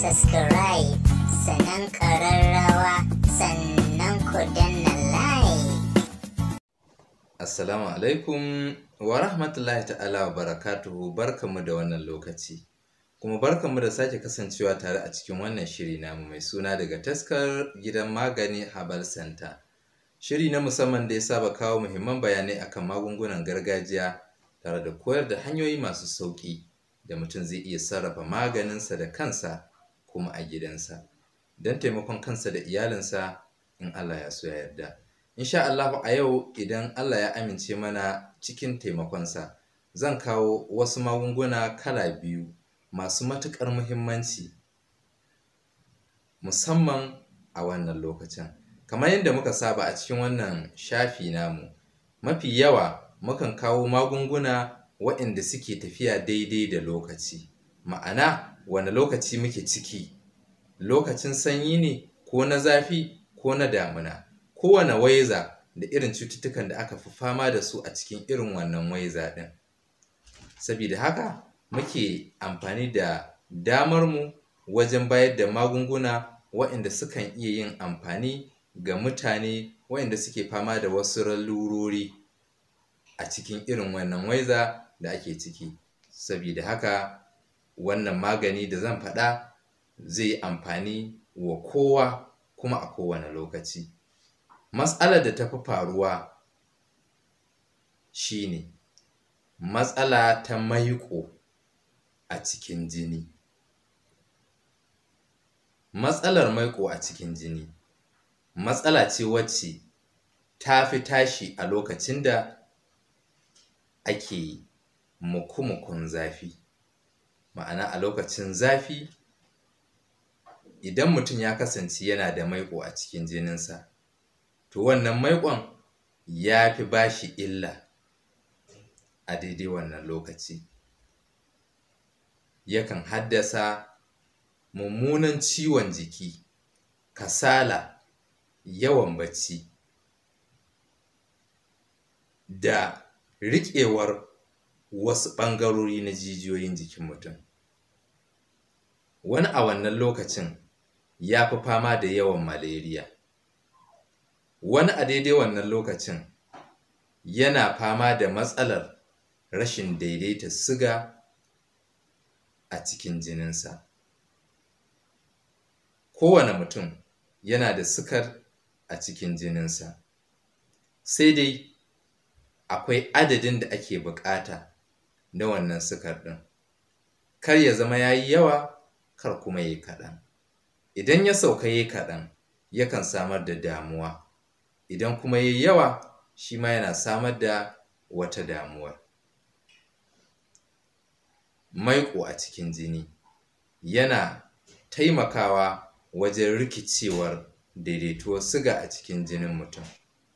subscribe sannan ƙararrawa sannan ku danna like. Assalamu alaikum wa rahmatullahi ta'ala wa barakatuhu barkamu da wannan lokaci. Kuma barkamu da sake kasancewa tare a cikin wannan shiri namu mai suna daga taskar gidan magani Habal Center. Shiri na musamman da ya saba kawo muhimman bayanai akan magungunan gargajiya tare da koyar da hanyoyi masu sauƙi da mutum zai iya sarrafa maganinsa da kansa kuma a gidansa don taimakon kansa da iyalinsa in Allah ya so ya yarda. Insha Allah a yau idan Allah ya amince mana cikin taimakonsa zan kawo wasu magunguna kala biyu masu matuƙar muhimmanci musamman a wannan lokacin. Kamar yadda muka saba a cikin wannan shafi namu mafi yawa mukan kawo magunguna waɗanda suke tafiya daidai da lokaci ma'ana wani lokaci muke ciki lokacin sanyi ne ko na zafi ko na damuna kowane waiza da irin cututtukan da aka fi fama da su a cikin irin wannan waiza ɗin sabida haka muke amfani da damarmu wajen bayar da magunguna waɗanda sukan iya yin amfani ga mutane waɗanda suke fama da wasu lalurori a cikin irin wannan waiza da ake ciki sabida haka wannan magani da zan faɗa zai yi amfani wa kowa kuma a kowane lokaci matsalar da ta fi faruwa shine matsala ta maiƙo a cikin jini matsalar maiƙo a cikin jini matsala ce wacce ta fi tashi a lokacin da ake muku-mukun zafi ma'ana a lokacin zafi idan mutum ya kasance yana da maiƙo a cikin jininsa to wannan maiƙon ya fi ba shi illa a daidai wannan lokaci yakan haddasa mummunan ciwon jiki kasala yawan bacci da riƙewar wasu ɓangarori na jijiyoyin jikin mutum wani a wannan lokacin ya fi fama da yawan maleriya wani a daidai wannan lokacin yana fama da matsalar rashin daidaita siga a cikin jininsa kowane mutum yana da sukar a cikin jininsa sai dai akwai adadin da ake bukata na wannan sukar ɗin kar ya zama ya yi yawa kar kuma yi kaɗan. Idan ya sauka yi kaɗan, yakan samar da damuwa, idan kuma yi yawa, shi ma yana samar da wata damuwar. Maiko, a cikin jini yana taimakawa wajen rikicewar daidaituwar siga a cikin jinin mutum.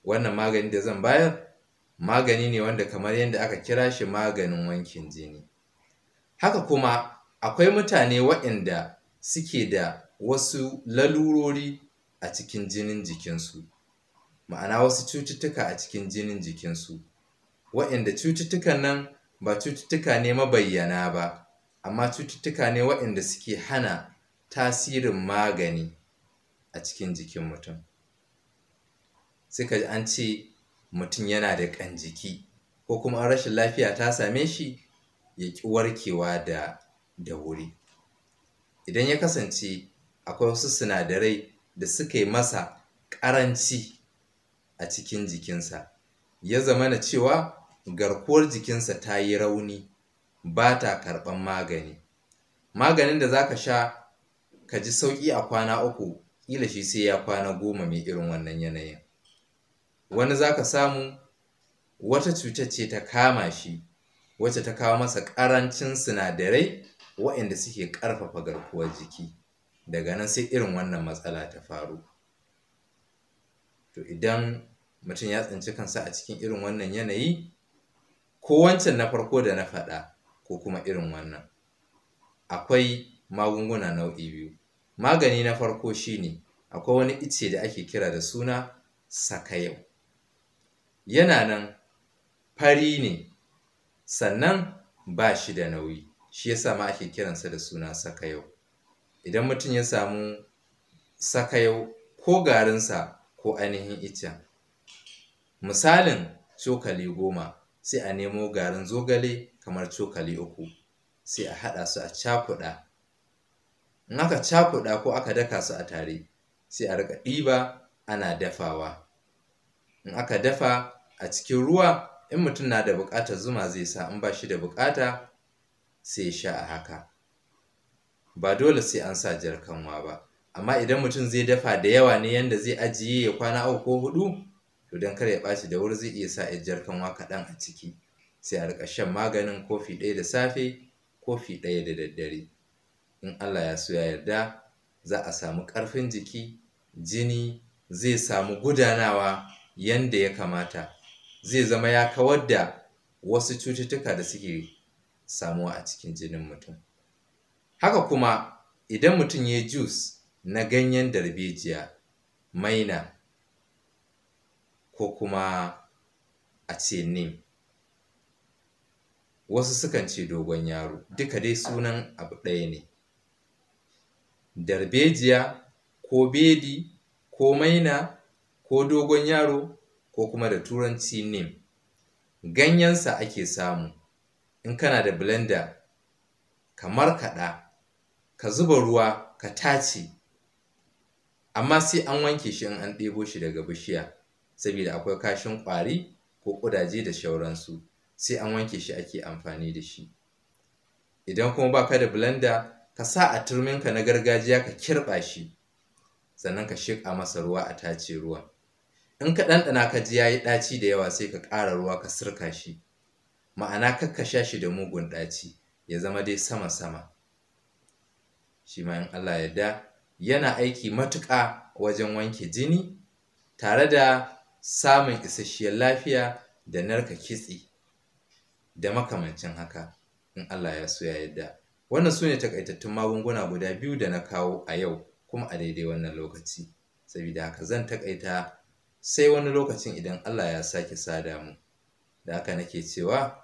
Wannan magani da zan bayar, magani ne wanda kamar yadda aka kira shi maganin wankin jini. Haka kuma akwai mutane waɗanda suke da wasu lalurori a cikin jinin jikinsu ma'ana wasu cututtuka a cikin jinin jikinsu waɗanda cututtukan nan ba cututtuka ne mabayyana ba amma cututtuka ne waɗanda suke hana tasirin magani a cikin jikin mutum suka an ce mutum yana da ƙan jiki ko kuma rashin lafiya ta same shi ya ƙi warkewa da da wuri. Idan ya kasance akwai wasu sinadarai da suka yi masa ƙaranci a cikin jikinsa, ya zama na cewa garkuwar jikinsa ta yi rauni, ba ta karɓan magani. Maganin da za ka sha ka ji sauƙi a kwana uku, ƙila shi sai ya kwana goma mai irin wannan yanayin. Wani za ka samu wata cutar ce ta kama shi, wacce ta kawo masa ƙarancin sinadarai waɗanda suke ƙarfafa garkuwar jiki daga nan sai irin wannan matsala ta faru to idan mutum ya tsinci kansa a cikin irin wannan yanayi ko wancan na farko da na faɗa ko kuma irin wannan akwai magunguna nau'i biyu magani na farko shine akwai wani ice da ake kira da suna sakayau yana nan fari ne sannan ba shi da nauyi shi yasa ma ake kiransa da suna sakayau idan mutum ya samu sakayau ko garinsa ko ainihin iccen misalin cokali goma sai a nemo garin zogale kamar cokali uku sai a haɗa su a cakuɗa in aka cakuɗa ko aka daka su a tare sai a riƙa ɗiba ana dafawa in aka dafa a cikin ruwa in mutum na da buƙatar zuma zai sa in ba shi da buƙata sai ya sha a haka ba dole sai an sa jarkanwa ba amma idan mutum zai dafa da yawa ne yanda zai ajiye ya kwana uku ko hudu to don kar ya ɓaci da wuri zai iya sa ya jarkanwa kaɗan a ciki sai a riƙa shan maganin kofi ɗaya da safe kofi ɗaya da daddare in Allah ya so ya yarda za a samu ƙarfin jiki jini zai samu gudanawa yanda ya kamata zai zama ya kawar da wasu cututtuka da suke samuwa a cikin jinin mutum. Haka kuma idan mutum ya jus na ganyen darbejiya, maina ko kuma a ce nim. Wasu sukan ce dogon yaro, duka dai sunan abu ɗaya ne. Darbejiya ko bedi ko maina ko dogon yaro ko kuma da turanci nim. Ganyensa ake samu. in kana da blender ka markaɗa ka zuba ruwa ka tace amma sai an wanke shi in an ɗebo shi daga bishiya saboda akwai kashin ƙwari ko ƙudaje da shauransu sai an wanke shi ake amfani da shi idan kuma baka da blender ka sa a turminka na gargajiya ka kirɓa shi sannan ka shiƙa masa ruwa a tace ruwa, in ka ɗanɗana ka ji ya yi ɗaci da yawa sai ka ƙara ruwa ka sirka shi ma'ana kakka sha shi da mugun ɗaci ya zama dai sama-sama shi ma in Allah ya da yana aiki matuƙa wajen wanke jini tare da samun isasshiyar lafiya da narka kitsi da makamancin haka in Allah ya so ya yadda wannan su ne takaitattun magunguna guda biyu da na kawo a yau kuma a daidai wannan lokaci saboda haka zan takaita sai wani lokacin idan Allah ya sake sada mu da haka nake cewa